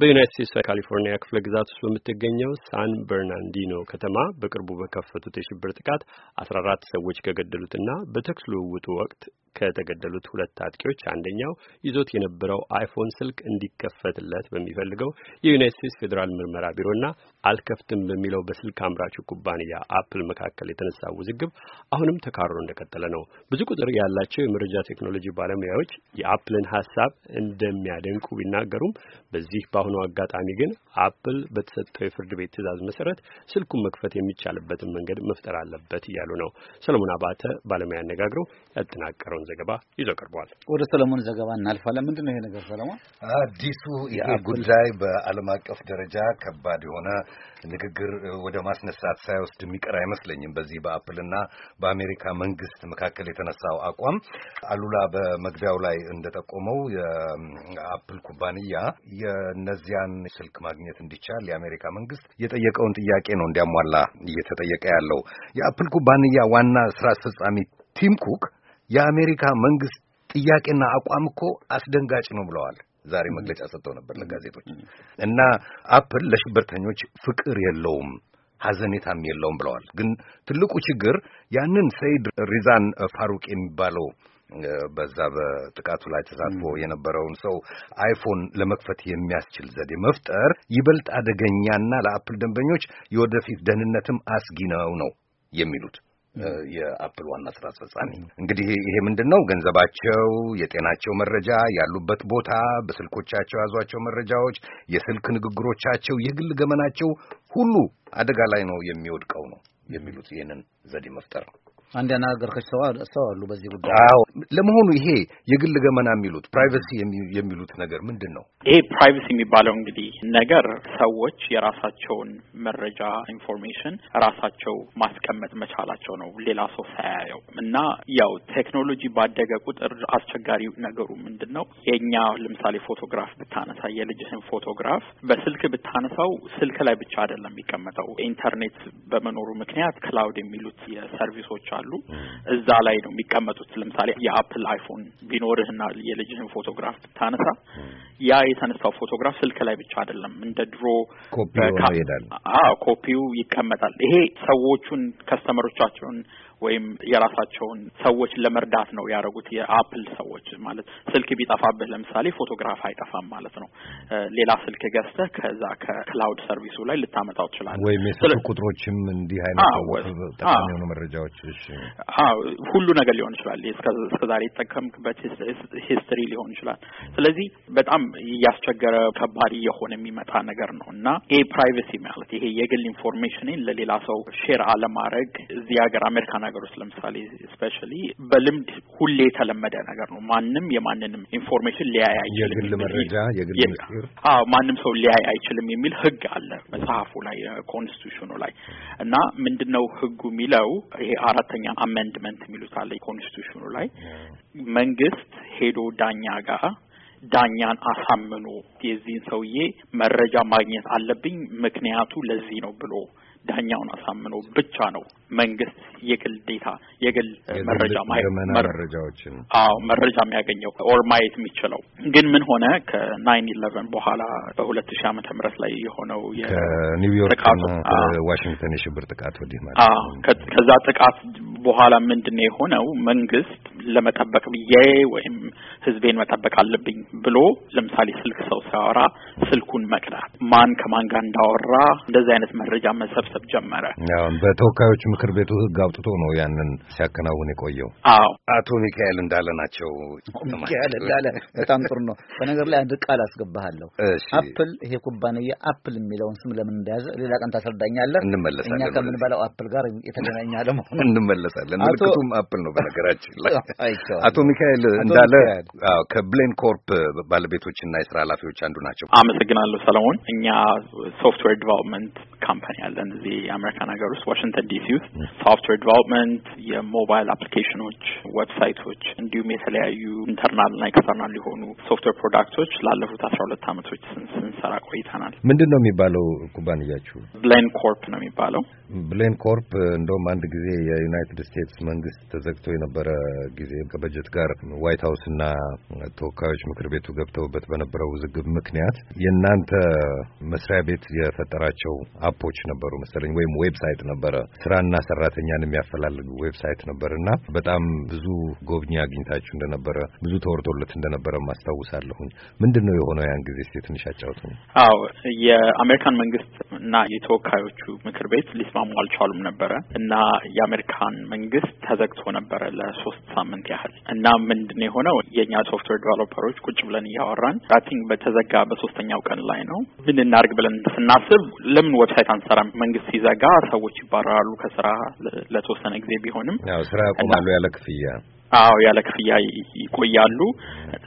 በዩናይት ስቴትስ ካሊፎርኒያ ክፍለ ግዛት ውስጥ በምትገኘው ሳን በርናንዲኖ ከተማ በቅርቡ በከፈቱት የሽብር ጥቃት አስራ አራት ሰዎች ከገደሉትና በተኩስ ልውውጡ ወቅት ከተገደሉት ሁለት አጥቂዎች አንደኛው ይዞት የነበረው አይፎን ስልክ እንዲከፈትለት በሚፈልገው የዩናይት ስቴትስ ፌዴራል ምርመራ ቢሮና አልከፍትም በሚለው በስልክ አምራቹ ኩባንያ አፕል መካከል የተነሳ ውዝግብ አሁንም ተካሮ እንደቀጠለ ነው። ብዙ ቁጥር ያላቸው የመረጃ ቴክኖሎጂ ባለሙያዎች የአፕልን ሀሳብ እንደሚያደንቁ ቢናገሩም በዚህ በአሁኑ በአሁኑ አጋጣሚ ግን አፕል በተሰጠው የፍርድ ቤት ትዕዛዝ መሰረት ስልኩን መክፈት የሚቻልበትን መንገድ መፍጠር አለበት እያሉ ነው። ሰለሞን አባተ ባለሙያ ያነጋግረው ያጠናቀረውን ዘገባ ይዞ ቀርቧል። ወደ ሰለሞን ዘገባ እናልፋለን። ምንድን ነው ይሄ ነገር ሰለሞን? አዲሱ ይሄ ጉዳይ በዓለም አቀፍ ደረጃ ከባድ የሆነ ንግግር ወደ ማስነሳት ሳይወስድ የሚቀር አይመስለኝም። በዚህ በአፕልና በአሜሪካ መንግስት መካከል የተነሳው አቋም አሉላ በመግቢያው ላይ እንደጠቆመው የአፕል ኩባንያ የነ ከዚያን ስልክ ማግኘት እንዲቻል የአሜሪካ መንግስት የጠየቀውን ጥያቄ ነው እንዲያሟላ እየተጠየቀ ያለው። የአፕል ኩባንያ ዋና ስራ አስፈጻሚ ቲም ኩክ የአሜሪካ መንግስት ጥያቄና አቋም እኮ አስደንጋጭ ነው ብለዋል። ዛሬ መግለጫ ሰጥተው ነበር ለጋዜጦች እና አፕል ለሽብርተኞች ፍቅር የለውም ሐዘኔታም የለውም ብለዋል። ግን ትልቁ ችግር ያንን ሰይድ ሪዛን ፋሩቅ የሚባለው በዛ በጥቃቱ ላይ ተሳትፎ የነበረውን ሰው አይፎን ለመክፈት የሚያስችል ዘዴ መፍጠር ይበልጥ አደገኛና ለአፕል ደንበኞች የወደፊት ደህንነትም አስጊ ነው ነው የሚሉት የአፕል ዋና ስራ አስፈጻሚ። እንግዲህ ይሄ ምንድን ነው? ገንዘባቸው፣ የጤናቸው መረጃ፣ ያሉበት ቦታ፣ በስልኮቻቸው ያዟቸው መረጃዎች፣ የስልክ ንግግሮቻቸው፣ የግል ገመናቸው ሁሉ አደጋ ላይ ነው የሚወድቀው ነው የሚሉት ይህንን ዘዴ መፍጠር ነው። አንድ ያናገርከች ሰው አሉ በዚህ ጉዳይ። አዎ፣ ለመሆኑ ይሄ የግል ገመና የሚሉት ፕራይቬሲ የሚሉት ነገር ምንድን ነው? ይሄ ፕራይቬሲ የሚባለው እንግዲህ ነገር ሰዎች የራሳቸውን መረጃ ኢንፎርሜሽን ራሳቸው ማስቀመጥ መቻላቸው ነው፣ ሌላ ሰው ሳያየው እና ያው ቴክኖሎጂ ባደገ ቁጥር አስቸጋሪ ነገሩ ምንድን ነው? የእኛ ለምሳሌ ፎቶግራፍ ብታነሳ የልጅህን ፎቶግራፍ በስልክ ብታነሳው ስልክ ላይ ብቻ አይደለም የሚቀመጠው። ኢንተርኔት በመኖሩ ምክንያት ክላውድ የሚሉት የሰርቪሶች ይችላሉ። እዛ ላይ ነው የሚቀመጡት። ለምሳሌ የአፕል አይፎን ቢኖርህና የልጅህን ፎቶግራፍ ብታነሳ ያ የተነሳው ፎቶግራፍ ስልክ ላይ ብቻ አይደለም፣ እንደ ድሮ ኮፒው ይቀመጣል። ይሄ ሰዎቹን ከስተመሮቻቸውን ወይም የራሳቸውን ሰዎች ለመርዳት ነው ያደረጉት። የአፕል ሰዎች ማለት ስልክ ቢጠፋብህ ለምሳሌ ፎቶግራፍ አይጠፋም ማለት ነው። ሌላ ስልክ ገዝተህ ከዛ ከክላውድ ሰርቪሱ ላይ ልታመጣው ትችላለህ። ወይም የስልክ ቁጥሮችም እንዲህ አይነት ጠቃሚ የሆኑ መረጃዎች ሁሉ ነገር ሊሆን ይችላል። እስከዛሬ የተጠቀምክበት ሂስትሪ ሊሆን ይችላል። ስለዚህ በጣም እያስቸገረ ከባድ እየሆነ የሚመጣ ነገር ነው እና ይሄ ፕራይቬሲ ማለት ይሄ የግል ኢንፎርሜሽንን ለሌላ ሰው ሼር አለማድረግ እዚህ ሀገር አሜሪካን ውስጥ ለምሳሌ ስፔሻሊ በልምድ ሁሌ የተለመደ ነገር ነው። ማንም የማንንም ኢንፎርሜሽን ሊያይ አይችልም። የግል መረጃ የግል ምስጢር፣ አዎ ማንም ሰው ሊያይ አይችልም የሚል ህግ አለ መጽሐፉ ላይ ኮንስቲቱሽኑ ላይ እና ምንድን ነው ህጉ የሚለው ይሄ አራተኛ አሜንድመንት የሚሉት አለ ኮንስቲቱሽኑ ላይ መንግስት ሄዶ ዳኛ ጋር ዳኛን አሳምኖ የዚህን ሰውዬ መረጃ ማግኘት አለብኝ ምክንያቱ ለዚህ ነው ብሎ ዳኛውን አሳምኖ ብቻ ነው መንግስት የግል ዴታ የግል መረጃ መረጃዎችን አዎ መረጃ የሚያገኘው ኦር ማየት የሚችለው ግን ምን ሆነ ከናይን ኢለቨን በኋላ በሁለት ሺህ ዓመተ ምህረት ላይ የሆነው ከኒውዮርክ ዋሽንግተን የሽብር ጥቃት ወዲህ ማለት ከዛ ጥቃት በኋላ ምንድን ነው የሆነው? መንግስት ለመጠበቅ ብዬ ወይም ህዝቤን መጠበቅ አለብኝ ብሎ ለምሳሌ ስልክ ሰው ሲያወራ ስልኩን መቅዳት፣ ማን ከማን ጋር እንዳወራ እንደዚህ አይነት መረጃ መሰብ ማሰብ ጀመረ። በተወካዮች ምክር ቤቱ ህግ አውጥቶ ነው ያንን ሲያከናውን የቆየው። አዎ አቶ ሚካኤል እንዳለ ናቸው። ሚካኤል እንዳለ በጣም ጥሩ ነው። በነገር ላይ አንድ ቃል አስገባሃለሁ። አፕል ይሄ ኩባንያ አፕል የሚለውን ስም ለምን እንደያዘ ሌላ ቀን ታስረዳኛለህ። እንመለሳለን። እኛ ከምንበላው አፕል ጋር የተገናኘ ለመሆኑ እንመለሳለን። ምልክቱም አፕል ነው። በነገራችን ላይ አቶ ሚካኤል እንዳለ ከብሌን ኮርፕ ባለቤቶችና የስራ ኃላፊዎች አንዱ ናቸው። አመሰግናለሁ ሰለሞን። እኛ ሶፍትዌር ዲቨሎፕመንት ካምፓኒ አለን እዚህ የአሜሪካን ሀገር ውስጥ ዋሽንግተን ዲሲ ውስጥ ሶፍትዌር ዲቨሎፕመንት፣ የሞባይል አፕሊኬሽኖች፣ ዌብሳይቶች እንዲሁም የተለያዩ ኢንተርናልና ኤክስተርናል የሆኑ ሶፍትዌር ፕሮዳክቶች ላለፉት አስራ ሁለት አመቶች ስንሰራ ቆይተናል። ምንድን ነው የሚባለው ኩባንያችሁ? ብሌን ኮርፕ ነው የሚባለው። ብሌን ኮርፕ እንደውም አንድ ጊዜ የዩናይትድ ስቴትስ መንግስት ተዘግቶ የነበረ ጊዜ ከበጀት ጋር ዋይት ሀውስና ተወካዮች ምክር ቤቱ ገብተውበት በነበረው ውዝግብ ምክንያት የእናንተ መስሪያ ቤት የፈጠራቸው አፖች ነበሩ መሰለኝ ወይም ዌብሳይት ነበረ ስራና ሰራተኛን የሚያፈላልግ ዌብሳይት ነበር እና በጣም ብዙ ጎብኚ አግኝታችሁ እንደነበረ ብዙ ተወርቶለት እንደነበረ ማስታውሳለሁኝ። ምንድን ነው የሆነው ያን ጊዜ? እስኪ ትንሽ አጫውቱኝ። አዎ የአሜሪካን መንግስት እና የተወካዮቹ ምክር ቤት ሊስማሙ አልቻሉም ነበረ እና የአሜሪካን መንግስት ተዘግቶ ነበረ ለሶስት ሳምንት ያህል እና ምንድን የሆነው የእኛ ሶፍትዌር ዲቨሎፐሮች ቁጭ ብለን እያወራን ራቲንግ በተዘጋ በሶስተኛው ቀን ላይ ነው ምን እናርግ ብለን ስናስብ ለምን ዌብሳይት አንሰራም መንግስት መንግስት ሲዘጋ ሰዎች ይባረራሉ ከስራ ለተወሰነ ጊዜ ቢሆንም ስራ ያቆማሉ ያለ ክፍያ አዎ ያለ ክፍያ ይቆያሉ።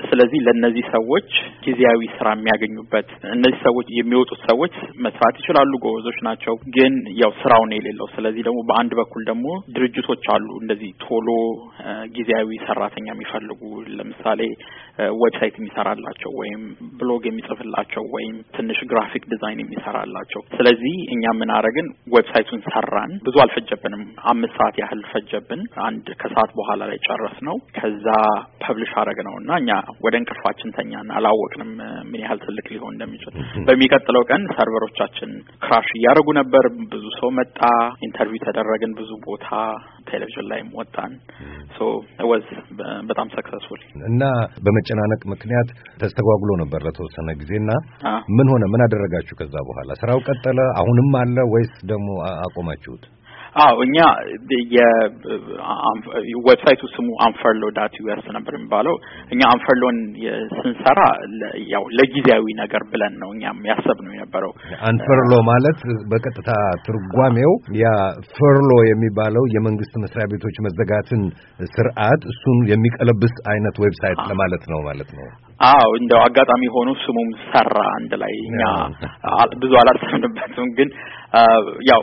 ስለዚህ ለእነዚህ ሰዎች ጊዜያዊ ስራ የሚያገኙበት እነዚህ ሰዎች የሚወጡት ሰዎች መስራት ይችላሉ፣ ጎበዞች ናቸው። ግን ያው ስራው ነው የሌለው። ስለዚህ ደግሞ በአንድ በኩል ደግሞ ድርጅቶች አሉ እንደዚህ ቶሎ ጊዜያዊ ሰራተኛ የሚፈልጉ ለምሳሌ ዌብሳይት የሚሰራላቸው ወይም ብሎግ የሚጽፍላቸው ወይም ትንሽ ግራፊክ ዲዛይን የሚሰራላቸው። ስለዚህ እኛ ምን አረግን? ዌብሳይቱን ሰራን። ብዙ አልፈጀብንም። አምስት ሰዓት ያህል ፈጀብን። አንድ ከሰዓት በኋላ ላይ ጨረ ጻፍ ነው። ከዛ ፐብሊሽ አረግ ነው እና እኛ ወደ እንቅልፋችን ተኛና አላወቅንም ምን ያህል ትልቅ ሊሆን እንደሚችል። በሚቀጥለው ቀን ሰርቨሮቻችን ክራሽ እያደረጉ ነበር። ብዙ ሰው መጣ። ኢንተርቪው ተደረግን ብዙ ቦታ፣ ቴሌቪዥን ላይም ወጣን። ሶ ወዝ በጣም ሰክሰስፉል እና በመጨናነቅ ምክንያት ተስተጓጉሎ ነበር ለተወሰነ ጊዜና ምን ሆነ? ምን አደረጋችሁ? ከዛ በኋላ ስራው ቀጠለ አሁንም አለ ወይስ ደግሞ አቆማችሁት? አዎ እኛ የዌብሳይቱ ስሙ አንፈርሎ ዳት ዩኤስ ነበር የሚባለው። እኛ አንፈርሎን ስንሰራ ያው ለጊዜያዊ ነገር ብለን ነው እኛም ያሰብነው የነበረው። አንፈርሎ ማለት በቀጥታ ትርጓሜው ያ ፈርሎ የሚባለው የመንግስት መስሪያ ቤቶች መዘጋትን ስርዓት እሱን የሚቀለብስ አይነት ዌብሳይት ለማለት ነው ማለት ነው። አዎ እንደው አጋጣሚ ሆኖ ስሙም ሰራ አንድ ላይ እኛ ብዙ አላሰብንበትም፣ ግን ያው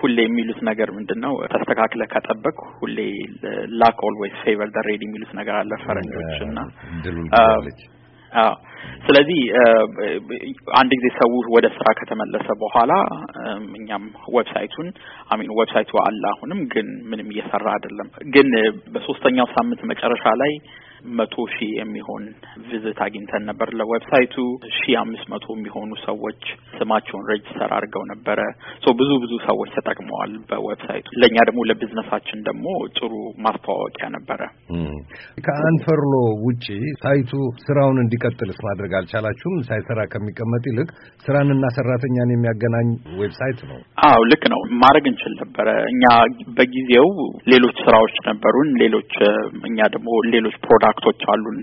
ሁሌ የሚሉት ነገር ምንድን ነው? ተስተካክለ ከጠበቅ ሁሌ ላክ ኦልዌይስ ፌቨር ደ ሬድ የሚሉት ነገር አለ ፈረንጆች እና ስለዚህ አንድ ጊዜ ሰው ወደ ስራ ከተመለሰ በኋላ እኛም ዌብሳይቱን አሚን ዌብሳይቱ አለ አሁንም ግን ምንም እየሰራ አይደለም። ግን በሶስተኛው ሳምንት መጨረሻ ላይ መቶ ሺህ የሚሆን ቪዝት አግኝተን ነበር። ለዌብሳይቱ ሺህ አምስት መቶ የሚሆኑ ሰዎች ስማቸውን ሬጅስተር አድርገው ነበረ። ሶ ብዙ ብዙ ሰዎች ተጠቅመዋል በዌብሳይቱ። ለእኛ ደግሞ ለቢዝነሳችን ደግሞ ጥሩ ማስተዋወቂያ ነበረ። ከአንፈርሎ ውጪ ሳይቱ ስራውን እንዲቀጥልስ ማድረግ አልቻላችሁም? ሳይሰራ ከሚቀመጥ ይልቅ ስራንና ሰራተኛን የሚያገናኝ ዌብሳይት ነው። አዎ ልክ ነው። ማድረግ እንችል ነበረ። እኛ በጊዜው ሌሎች ስራዎች ነበሩን። ሌሎች እኛ ደግሞ ሌሎች ፕሮዳክት ኮንትራክቶች አሉን።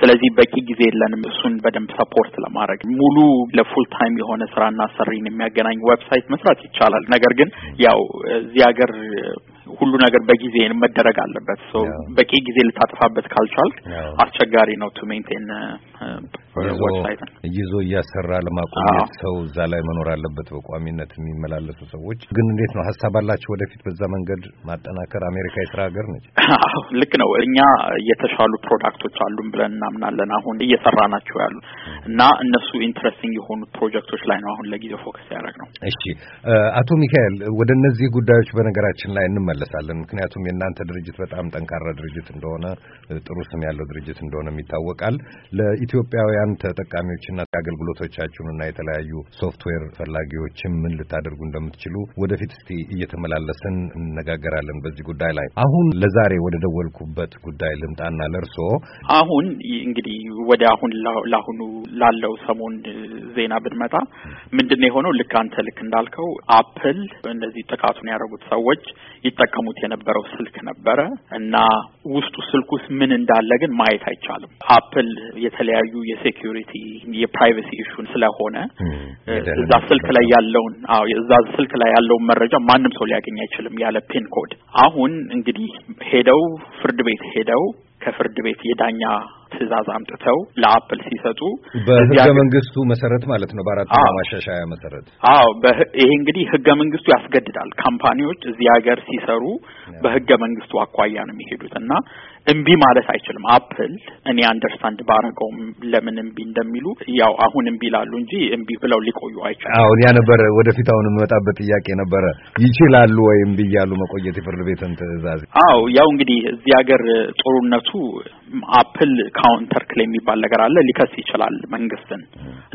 ስለዚህ በቂ ጊዜ የለንም እሱን በደንብ ሰፖርት ለማድረግ። ሙሉ ለፉል ታይም የሆነ ስራና ሰሪን የሚያገናኝ ዌብሳይት መስራት ይቻላል። ነገር ግን ያው እዚህ ሀገር ሁሉ ነገር በጊዜ መደረግ አለበት። ሶ በቂ ጊዜ ልታጠፋበት ካልቻል አስቸጋሪ ነው ቱ ሜንቴን ዌብሳይት ይዞ እያሰራ ለማቆየት ሰው እዛ ላይ መኖር አለበት። በቋሚነት የሚመላለሱ ሰዎች ግን እንዴት ነው ሀሳብ አላቸው ወደፊት በዛ መንገድ ማጠናከር? አሜሪካ የስራ ሀገር ነች። ልክ ነው። እኛ የተሻሉ ፕሮዳክቶች አሉን ብለን እናምናለን። አሁን እየሰራ ናቸው ያሉ mm. እና እነሱ ኢንትረስቲንግ የሆኑ ፕሮጀክቶች ላይ ነው አሁን ለጊዜው ፎከስ ያደረግ ነው። እሺ አቶ ሚካኤል ወደ እነዚህ ጉዳዮች በነገራችን ላይ እንመለ እንመለሳለን። ምክንያቱም የእናንተ ድርጅት በጣም ጠንካራ ድርጅት እንደሆነ፣ ጥሩ ስም ያለው ድርጅት እንደሆነም ይታወቃል። ለኢትዮጵያውያን ተጠቃሚዎችና አገልግሎቶቻችሁንና የተለያዩ ሶፍትዌር ፈላጊዎችም ምን ልታደርጉ እንደምትችሉ ወደፊት እስቲ እየተመላለስን እንነጋገራለን በዚህ ጉዳይ ላይ። አሁን ለዛሬ ወደ ደወልኩበት ጉዳይ ልምጣና ለእርስዎ አሁን እንግዲህ ወደ አሁን ለአሁኑ ላለው ሰሞን ዜና ብንመጣ ምንድን ነው የሆነው? ልክ አንተ ልክ እንዳልከው አፕል እነዚህ ጥቃቱን ያደረጉት ሰዎች ይጠቀሙት የነበረው ስልክ ነበረ እና ውስጡ ስልክ ውስጥ ምን እንዳለ ግን ማየት አይቻልም። አፕል የተለያዩ የሴኪሪቲ የፕራይቬሲ ኢሹን ስለሆነ እዛ ስልክ ላይ ያለውን አዎ እዛ ስልክ ላይ ያለውን መረጃ ማንም ሰው ሊያገኝ አይችልም ያለ ፒን ኮድ። አሁን እንግዲህ ሄደው ፍርድ ቤት ሄደው ከፍርድ ቤት የዳኛ ትእዛዝ አምጥተው ለአፕል ሲሰጡ በህገ መንግስቱ መሰረት ማለት ነው። በአራት ማሻሻያ መሰረት አዎ፣ ይሄ እንግዲህ ህገ መንግስቱ ያስገድዳል። ካምፓኒዎች እዚህ ሀገር ሲሰሩ በህገ መንግስቱ አኳያ ነው የሚሄዱት እና እምቢ ማለት አይችልም። አፕል እኔ አንደርስታንድ ባረገውም ለምን እምቢ እንደሚሉ ያው አሁን እምቢ ላሉ እንጂ እምቢ ብለው ሊቆዩ አይችልም። አሁን ያ ነበረ ወደፊት አሁን የምመጣበት ጥያቄ ነበረ። ይችላሉ ወይ እምቢ እያሉ መቆየት የፍርድ ቤትን ትዕዛዝ? አዎ ያው እንግዲህ እዚህ ሀገር ጥሩነቱ አፕል ካውንተር ክሌም የሚባል ነገር አለ። ሊከስ ይችላል መንግስትን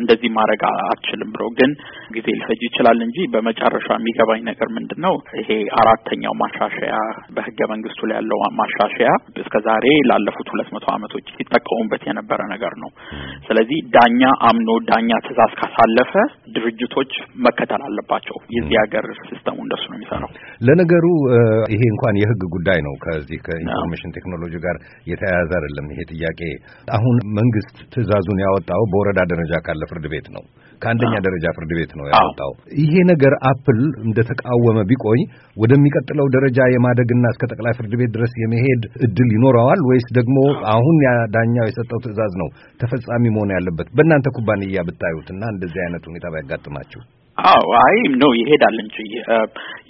እንደዚህ ማድረግ አትችልም ብሎ ግን ጊዜ ሊፈጅ ይችላል እንጂ በመጨረሻ የሚገባኝ ነገር ምንድን ነው ይሄ አራተኛው ማሻሻያ በህገ መንግስቱ ላይ ያለው ማሻሻያ እስከ ዛሬ ላለፉት ሁለት መቶ ዓመቶች ሲጠቀሙበት የነበረ ነገር ነው። ስለዚህ ዳኛ አምኖ ዳኛ ትዕዛዝ ካሳለፈ ድርጅቶች መከተል አለባቸው። የዚህ ሀገር ሲስተሙ እንደሱ ነው የሚሰራው። ለነገሩ ይሄ እንኳን የህግ ጉዳይ ነው። ከዚህ ከኢንፎርሜሽን ቴክኖሎጂ ጋር የተያያዘ አይደለም። ይሄ ጥያቄ አሁን መንግስት ትእዛዙን ያወጣው በወረዳ ደረጃ ካለ ፍርድ ቤት ነው ከአንደኛ ደረጃ ፍርድ ቤት ነው ያወጣው። ይሄ ነገር አፕል እንደተቃወመ ቢቆይ ወደሚቀጥለው ደረጃ የማደግና እስከ ጠቅላይ ፍርድ ቤት ድረስ የመሄድ እድል ይኖረዋል ወይስ ደግሞ አሁን ዳኛው የሰጠው ትዕዛዝ ነው ተፈጻሚ መሆን ያለበት? በእናንተ ኩባንያ ብታዩትና እንደዚህ አይነት ሁኔታ ባያጋጥማችሁ አዎ አይ ነው ይሄዳል እንጂ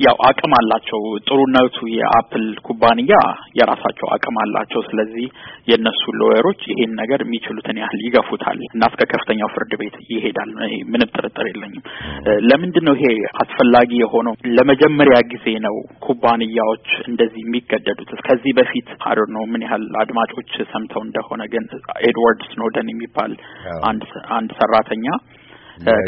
ያው አቅም አላቸው። ጥሩነቱ የአፕል ኩባንያ የራሳቸው አቅም አላቸው። ስለዚህ የእነሱ ሎየሮች ይሄን ነገር የሚችሉትን ያህል ይገፉታል እና እስከ ከፍተኛው ፍርድ ቤት ይሄዳል። ምንም ጥርጥር የለኝም። ለምንድን ነው ይሄ አስፈላጊ የሆነው? ለመጀመሪያ ጊዜ ነው ኩባንያዎች እንደዚህ የሚገደዱት። ከዚህ በፊት አዶ ነው ምን ያህል አድማጮች ሰምተው እንደሆነ ግን ኤድዋርድ ስኖደን የሚባል አንድ አንድ ሰራተኛ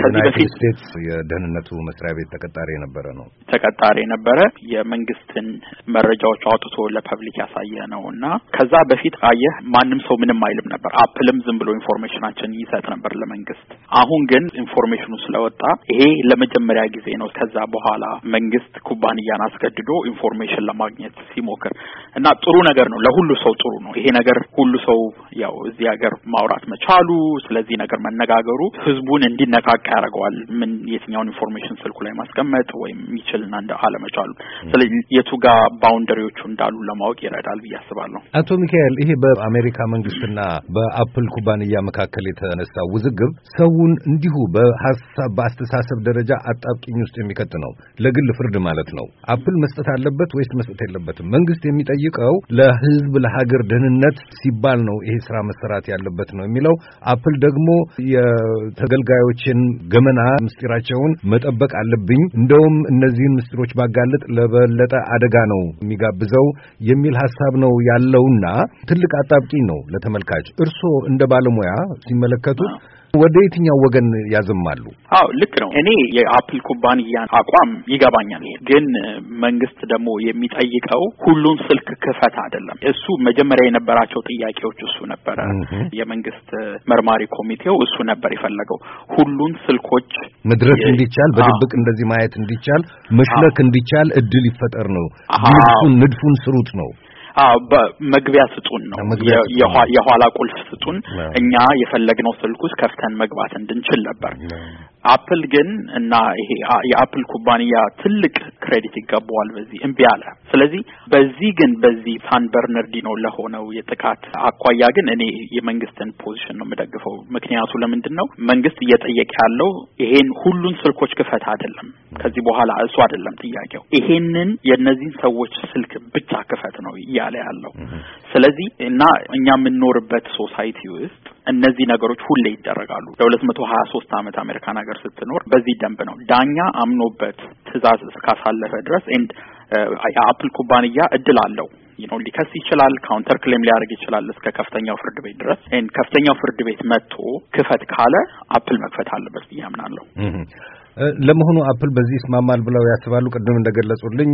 ከዚህ በፊት ስቴትስ የደህንነቱ መስሪያ ቤት ተቀጣሪ የነበረ ነው ተቀጣሪ የነበረ የመንግስትን መረጃዎች አውጥቶ ለፐብሊክ ያሳየ ነው እና ከዛ በፊት አየህ ማንም ሰው ምንም አይልም ነበር። አፕልም ዝም ብሎ ኢንፎርሜሽናችን ይሰጥ ነበር ለመንግስት። አሁን ግን ኢንፎርሜሽኑ ስለወጣ ይሄ ለመጀመሪያ ጊዜ ነው ከዛ በኋላ መንግስት ኩባንያን አስገድዶ ኢንፎርሜሽን ለማግኘት ሲሞክር እና ጥሩ ነገር ነው። ለሁሉ ሰው ጥሩ ነው ይሄ ነገር። ሁሉ ሰው ያው እዚህ ሀገር ማውራት መቻሉ ስለዚህ ነገር መነጋገሩ ህዝቡን እንዲነ ነካካ ያደርገዋል። ምን የትኛውን ኢንፎርሜሽን ስልኩ ላይ ማስቀመጥ ወይም የሚችልና አለመቻሉ። ስለዚህ የቱ ጋር ባውንደሪዎቹ እንዳሉ ለማወቅ ይረዳል ብዬ አስባለሁ። አቶ ሚካኤል፣ ይሄ በአሜሪካ መንግስትና በአፕል ኩባንያ መካከል የተነሳ ውዝግብ ሰውን እንዲሁ በሀሳብ በአስተሳሰብ ደረጃ አጣብቂኝ ውስጥ የሚከት ነው። ለግል ፍርድ ማለት ነው። አፕል መስጠት አለበት ወይስ መስጠት የለበትም? መንግስት የሚጠይቀው ለህዝብ ለሀገር ደህንነት ሲባል ነው ይሄ ስራ መሰራት ያለበት ነው የሚለው አፕል ደግሞ የተገልጋዮች የሀገራችን ገመና ምስጢራቸውን መጠበቅ አለብኝ፣ እንደውም እነዚህን ምስጢሮች ባጋለጥ ለበለጠ አደጋ ነው የሚጋብዘው የሚል ሀሳብ ነው ያለውና ትልቅ አጣብቂኝ ነው ለተመልካች። እርስዎ እንደ ባለሙያ ሲመለከቱት ወደ የትኛው ወገን ያዘማሉ? አዎ ልክ ነው። እኔ የአፕል ኩባንያ አቋም ይገባኛል። ግን መንግስት ደግሞ የሚጠይቀው ሁሉን ስልክ ክፈት አይደለም። እሱ መጀመሪያ የነበራቸው ጥያቄዎች እሱ ነበረ። የመንግስት መርማሪ ኮሚቴው እሱ ነበር የፈለገው ሁሉን ስልኮች መድረስ እንዲቻል፣ በድብቅ እንደዚህ ማየት እንዲቻል፣ መሽለክ እንዲቻል እድል ይፈጠር ነው። ንድፉን ስሩት ነው መግቢያ ስጡን ነው የኋላ ቁልፍ ስጡን፣ እኛ የፈለግነው ስልክ ውስጥ ከፍተን መግባት እንድንችል ነበር። አፕል ግን እና ይሄ የአፕል ኩባንያ ትልቅ ክሬዲት ይገባዋል በዚህ እምቢ አለ። ስለዚህ በዚህ ግን በዚህ ሳን በርነርዲኖ ለሆነው የጥቃት አኳያ ግን እኔ የመንግስትን ፖዚሽን ነው የምደግፈው። ምክንያቱ ለምንድን ነው? መንግስት እየጠየቀ ያለው ይሄን ሁሉን ስልኮች ክፈት አይደለም። ከዚህ በኋላ እሱ አይደለም ጥያቄው፣ ይሄንን የእነዚህን ሰዎች ስልክ ብቻ ክፈት ነው እያለ ያለው። ስለዚህ እና እኛ የምንኖርበት ሶሳይቲ ውስጥ እነዚህ ነገሮች ሁሌ ይደረጋሉ። ለሁለት መቶ ሀያ ሶስት ዓመት አሜሪካን ሀገር ስትኖር በዚህ ደንብ ነው ዳኛ አምኖበት ትእዛዝ እስካሳለፈ ድረስ ኤንድ የአፕል ኩባንያ እድል አለው ነው ሊከስ ይችላል። ካውንተር ክሌም ሊያደርግ ይችላል እስከ ከፍተኛው ፍርድ ቤት ድረስ። ከፍተኛው ፍርድ ቤት መጥቶ ክፈት ካለ አፕል መክፈት አለበት ብዬ አምናለሁ። ለመሆኑ አፕል በዚህ ይስማማል ብለው ያስባሉ? ቅድም እንደገለጹልኝ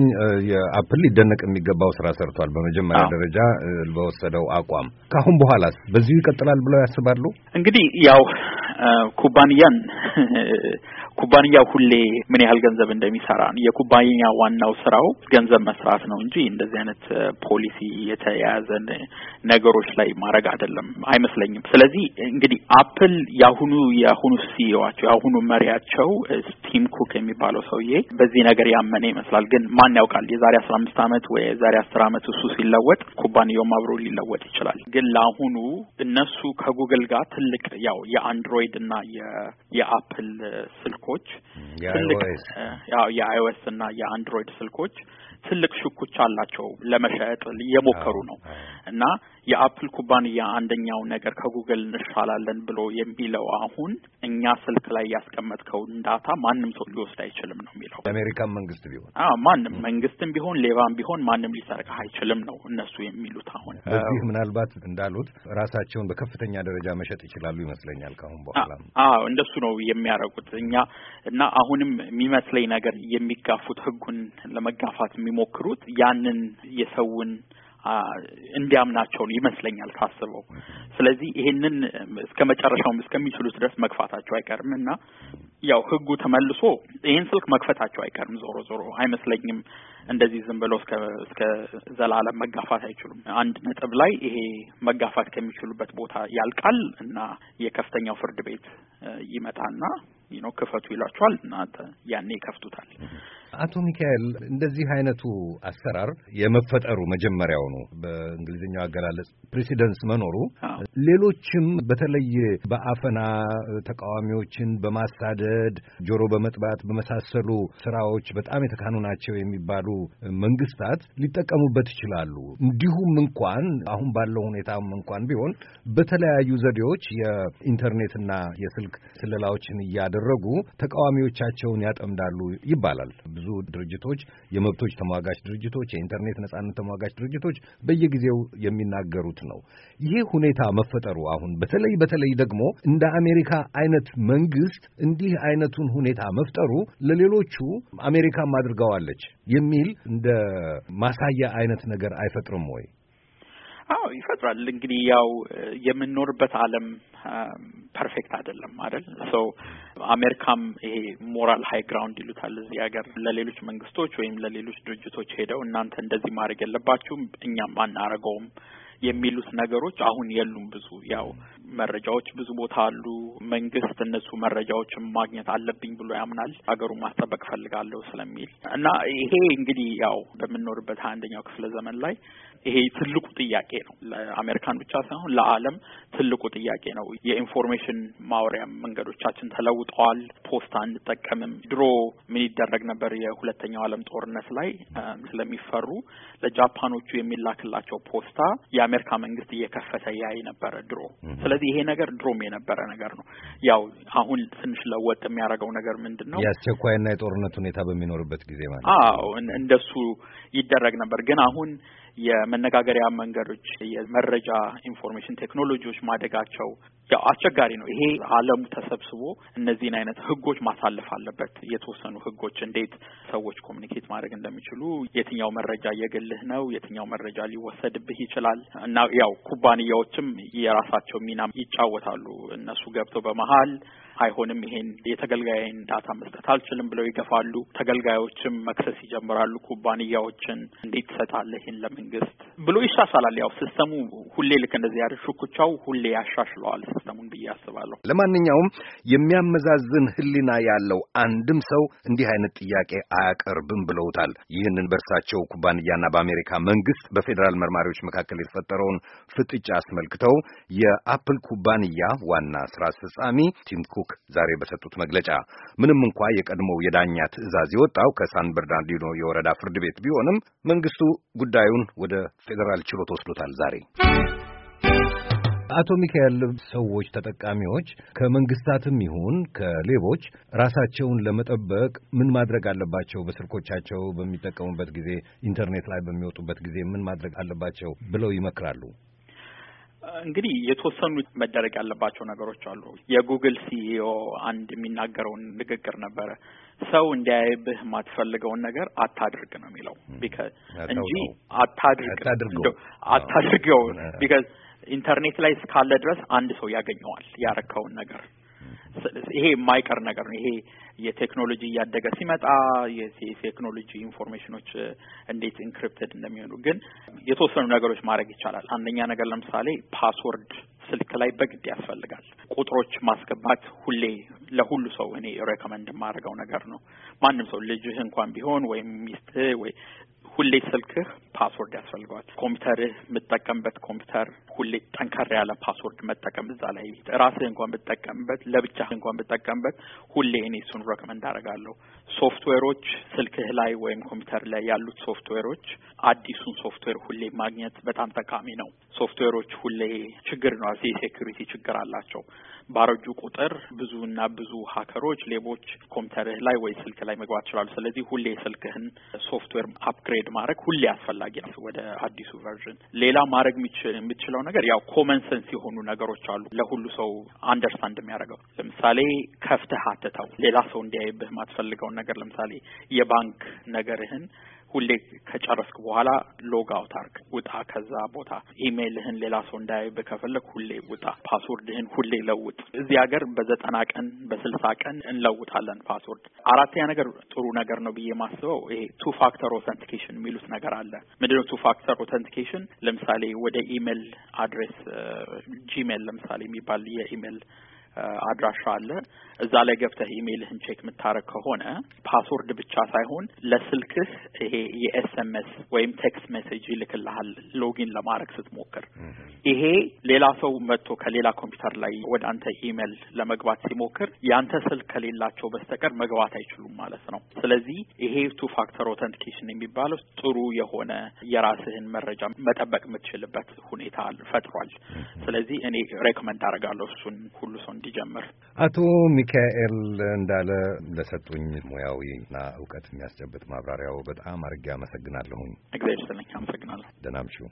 የአፕል ሊደነቅ የሚገባው ስራ ሰርቷል፣ በመጀመሪያ ደረጃ በወሰደው አቋም። ከአሁን በኋላስ በዚሁ ይቀጥላል ብለው ያስባሉ? እንግዲህ ያው ኩባንያን ኩባንያው ሁሌ ምን ያህል ገንዘብ እንደሚሰራ የኩባንያ ዋናው ስራው ገንዘብ መስራት ነው እንጂ እንደዚህ አይነት ፖሊሲ የተያያዘ ነገሮች ላይ ማድረግ አይደለም አይመስለኝም። ስለዚህ እንግዲህ አፕል የአሁኑ የአሁኑ ሲኢኦቸው የአሁኑ መሪያቸው ቲም ኩክ የሚባለው ሰውዬ በዚህ ነገር ያመነ ይመስላል። ግን ማን ያውቃል የዛሬ አስራ አምስት አመት ወይ የዛሬ አስር አመት እሱ ሲለወጥ ኩባንያውም አብሮ ሊለወጥ ይችላል። ግን ለአሁኑ እነሱ ከጉግል ጋር ትልቅ ያው የአንድሮይድ እና የአፕል ስልክ ስልኮች ትልቅ ያው የአይኦኤስ እና የአንድሮይድ ስልኮች ትልቅ ሹኮች አላቸው። ለመሸጥ እየሞከሩ ነው እና የአፕል ኩባንያ አንደኛው ነገር ከጉግል እንሻላለን ብሎ የሚለው አሁን እኛ ስልክ ላይ ያስቀመጥከውን ዳታ ማንም ሰው ሊወስድ አይችልም ነው የሚለው። የአሜሪካን መንግስት ቢሆን አዎ፣ ማንም መንግስትም ቢሆን ሌባም ቢሆን ማንም ሊሰርቅህ አይችልም ነው እነሱ የሚሉት። አሁን በዚህ ምናልባት እንዳሉት ራሳቸውን በከፍተኛ ደረጃ መሸጥ ይችላሉ ይመስለኛል ከአሁን በኋላ። አዎ እንደሱ ነው የሚያደርጉት እኛ እና አሁንም የሚመስለኝ ነገር የሚጋፉት ህጉን ለመጋፋት የሚ የሚሞክሩት ያንን የሰውን እንዲያምናቸው ይመስለኛል ሳስበው። ስለዚህ ይሄንን እስከ መጨረሻውም እስከሚችሉት ድረስ መግፋታቸው አይቀርም እና ያው ህጉ ተመልሶ ይህን ስልክ መክፈታቸው አይቀርም። ዞሮ ዞሮ አይመስለኝም እንደዚህ ዝም ብለው እስከ እስከ ዘላለም መጋፋት አይችሉም። አንድ ነጥብ ላይ ይሄ መጋፋት ከሚችሉበት ቦታ ያልቃል እና የከፍተኛው ፍርድ ቤት ይመጣና ነው ክፈቱ ይሏቸዋል እና ያኔ ይከፍቱታል። አቶ ሚካኤል እንደዚህ አይነቱ አሰራር የመፈጠሩ መጀመሪያው ነው። በእንግሊዝኛው አገላለጽ ፕሬሲደንስ መኖሩ ሌሎችም በተለይ በአፈና ተቃዋሚዎችን በማሳደድ ጆሮ በመጥባት በመሳሰሉ ስራዎች በጣም የተካኑ ናቸው የሚባሉ መንግስታት ሊጠቀሙበት ይችላሉ። እንዲሁም እንኳን አሁን ባለው ሁኔታም እንኳን ቢሆን በተለያዩ ዘዴዎች የኢንተርኔትና የስልክ ስለላዎችን እያደረጉ ተቃዋሚዎቻቸውን ያጠምዳሉ ይባላል። ብዙ ድርጅቶች፣ የመብቶች ተሟጋች ድርጅቶች፣ የኢንተርኔት ነጻነት ተሟጋች ድርጅቶች በየጊዜው የሚናገሩት ነው። ይሄ ሁኔታ መፈጠሩ አሁን በተለይ በተለይ ደግሞ እንደ አሜሪካ አይነት መንግስት እንዲህ አይነቱን ሁኔታ መፍጠሩ ለሌሎቹ አሜሪካም አድርገዋለች የሚል እንደ ማሳያ አይነት ነገር አይፈጥርም ወይ? አዎ ይፈጥራል። እንግዲህ ያው የምንኖርበት ዓለም ፐርፌክት um, አይደለም አይደል? ሰው አሜሪካም ይሄ ሞራል ሀይ ግራውንድ ይሉታል እዚህ ሀገር ለሌሎች መንግስቶች ወይም ለሌሎች ድርጅቶች ሄደው እናንተ እንደዚህ ማድረግ የለባችሁም እኛም አናረገውም የሚሉት ነገሮች አሁን የሉም። ብዙ ያው መረጃዎች ብዙ ቦታ አሉ። መንግስት እነሱ መረጃዎችን ማግኘት አለብኝ ብሎ ያምናል። ሀገሩን ማስጠበቅ ፈልጋለሁ ስለሚል እና ይሄ እንግዲህ ያው በምንኖርበት ሀያ አንደኛው ክፍለ ዘመን ላይ ይሄ ትልቁ ጥያቄ ነው። ለአሜሪካን ብቻ ሳይሆን ለዓለም ትልቁ ጥያቄ ነው። የኢንፎርሜሽን ማውሪያ መንገዶቻችን ተለውጠዋል። ፖስታ አንጠቀምም። ድሮ ምን ይደረግ ነበር? የሁለተኛው ዓለም ጦርነት ላይ ስለሚፈሩ ለጃፓኖቹ የሚላክላቸው ፖስታ የአሜሪካ መንግስት እየከፈተ ያይ ነበረ ድሮ። ስለዚህ ይሄ ነገር ድሮም የነበረ ነገር ነው። ያው አሁን ትንሽ ለወጥ የሚያደርገው ነገር ምንድን ነው? የአስቸኳይና የጦርነት ሁኔታ በሚኖርበት ጊዜ ማለት። አዎ እንደሱ ይደረግ ነበር። ግን አሁን የመነጋገሪያ መንገዶች፣ የመረጃ ኢንፎርሜሽን ቴክኖሎጂዎች ማደጋቸው ያው አስቸጋሪ ነው። ይሄ ዓለሙ ተሰብስቦ እነዚህን አይነት ህጎች ማሳለፍ አለበት። የተወሰኑ ህጎች እንዴት ሰዎች ኮሚኒኬት ማድረግ እንደሚችሉ፣ የትኛው መረጃ የግልህ ነው፣ የትኛው መረጃ ሊወሰድብህ ይችላል እና ያው ኩባንያዎችም የራሳቸው ሚና ይጫወታሉ። እነሱ ገብተው በመሀል አይሆንም፣ ይሄን የተገልጋይን ዳታ መስጠት አልችልም ብለው ይገፋሉ። ተገልጋዮችም መክሰስ ይጀምራሉ። ኩባንያዎችን እንዴት ትሰጣለህ ይህን ለመንግስት ብሎ ይሻሻላል። ያው ሲስተሙ ሁሌ ልክ እንደዚህ ያለ ሹኩቻው ሁሌ ያሻሽለዋል ሲስተሙን ብዬ አስባለሁ። ለማንኛውም የሚያመዛዝን ህሊና ያለው አንድም ሰው እንዲህ አይነት ጥያቄ አያቀርብም ብለውታል። ይህንን በእርሳቸው ኩባንያና በአሜሪካ መንግስት በፌዴራል መርማሪዎች መካከል የተፈጠረውን ፍጥጫ አስመልክተው የአፕል ኩባንያ ዋና ስራ አስፈጻሚ ቲም ኩክ ዛሬ በሰጡት መግለጫ ምንም እንኳ የቀድሞው የዳኛ ትዕዛዝ የወጣው ከሳን በርናርዲኖ የወረዳ ፍርድ ቤት ቢሆንም መንግስቱ ጉዳዩን ወደ ፌዴራል ችሎት ወስዶታል ዛሬ። አቶ ሚካኤል ሰዎች ተጠቃሚዎች ከመንግስታትም ይሁን ከሌቦች ራሳቸውን ለመጠበቅ ምን ማድረግ አለባቸው? በስልኮቻቸው በሚጠቀሙበት ጊዜ፣ ኢንተርኔት ላይ በሚወጡበት ጊዜ ምን ማድረግ አለባቸው ብለው ይመክራሉ? እንግዲህ የተወሰኑ መደረግ ያለባቸው ነገሮች አሉ። የጉግል ሲኢኦ አንድ የሚናገረውን ንግግር ነበረ። ሰው እንዲያይብህ የማትፈልገውን ነገር አታድርግ ነው የሚለው እንጂ አታድርግ አታድርገው ቢካዝ ኢንተርኔት ላይ እስካለ ድረስ አንድ ሰው ያገኘዋል ያረከውን ነገር ይሄ የማይቀር ነገር ነው። ይሄ የቴክኖሎጂ እያደገ ሲመጣ የቴክኖሎጂ ኢንፎርሜሽኖች እንዴት ኢንክሪፕትድ እንደሚሆኑ ግን የተወሰኑ ነገሮች ማድረግ ይቻላል። አንደኛ ነገር ለምሳሌ ፓስወርድ ስልክ ላይ በግድ ያስፈልጋል። ቁጥሮች ማስገባት ሁሌ ለሁሉ ሰው እኔ ሬኮመንድ የማደርገው ነገር ነው። ማንም ሰው ልጅህ እንኳን ቢሆን ወይም ሚስትህ ወይ ሁሌ ስልክህ ፓስወርድ ያስፈልገዋል። ኮምፒውተርህ የምጠቀምበት ኮምፒውተር ሁሌ ጠንከር ያለ ፓስወርድ መጠቀም እዛ ላይ ራስህ እንኳን ብጠቀምበት ለብቻ እንኳን ብጠቀምበት ሁሌ እኔ እሱን ሬኮመንድ አደርጋለሁ። ሶፍትዌሮች ስልክህ ላይ ወይም ኮምፒውተር ላይ ያሉት ሶፍትዌሮች አዲሱን ሶፍትዌር ሁሌ ማግኘት በጣም ጠቃሚ ነው። ሶፍትዌሮች ሁሌ ችግር ነው የሴኩሪቲ ችግር አላቸው። ባረጁ ቁጥር ብዙ እና ብዙ ሀከሮች፣ ሌቦች ኮምፒውተርህ ላይ ወይ ስልክ ላይ መግባት ይችላሉ። ስለዚህ ሁሌ ስልክህን ሶፍትዌር አፕግሬድ ማድረግ ሁሌ አስፈላጊ ነው ወደ አዲሱ ቨርዥን። ሌላ ማድረግ የምትችለው ነገር ያው ኮመን ሰንስ የሆኑ ነገሮች አሉ ለሁሉ ሰው አንደርስታንድ የሚያደርገው ለምሳሌ ከፍተህ አትተው። ሌላ ሰው እንዲያይብህ የማትፈልገውን ነገር ለምሳሌ የባንክ ነገርህን ሁሌ ከጨረስክ በኋላ ሎግ አውት አርግ፣ ውጣ ከዛ ቦታ። ኢሜይልህን ሌላ ሰው እንዳያዩ ከፈለግ ሁሌ ውጣ። ፓስወርድህን ሁሌ ለውጥ። እዚህ ሀገር በዘጠና ቀን በስልሳ ቀን እንለውጣለን ፓስወርድ። አራተኛ ነገር ጥሩ ነገር ነው ብዬ ማስበው ይሄ ቱ ፋክተር ኦተንቲኬሽን የሚሉት ነገር አለ። ምንድነው ቱ ፋክተር ኦተንቲኬሽን? ለምሳሌ ወደ ኢሜይል አድሬስ ጂሜል ለምሳሌ የሚባል የኢሜይል አድራሻ አለ። እዛ ላይ ገብተህ ኢሜይልህን ቼክ የምታረግ ከሆነ ፓስወርድ ብቻ ሳይሆን ለስልክህ ይሄ የኤስኤምኤስ ወይም ቴክስት ሜሴጅ ይልክልሃል ሎጊን ለማድረግ ስትሞክር። ይሄ ሌላ ሰው መጥቶ ከሌላ ኮምፒውተር ላይ ወደ አንተ ኢሜይል ለመግባት ሲሞክር ያንተ ስልክ ከሌላቸው በስተቀር መግባት አይችሉም ማለት ነው። ስለዚህ ይሄ ቱ ፋክተር ኦተንቲኬሽን የሚባለው ጥሩ የሆነ የራስህን መረጃ መጠበቅ የምትችልበት ሁኔታ ፈጥሯል። ስለዚህ እኔ ሬኮመንድ አደርጋለሁ እሱን ሁሉ ሰው እንዲጀምር። አቶ ሚካኤል እንዳለ ለሰጡኝ ሙያዊና እውቀት የሚያስጨብጥ ማብራሪያው በጣም አድርጌ አመሰግናለሁኝ። እግዚአብሔር ይስጥልኝ። አመሰግናለሁ። ደህና እምሹ።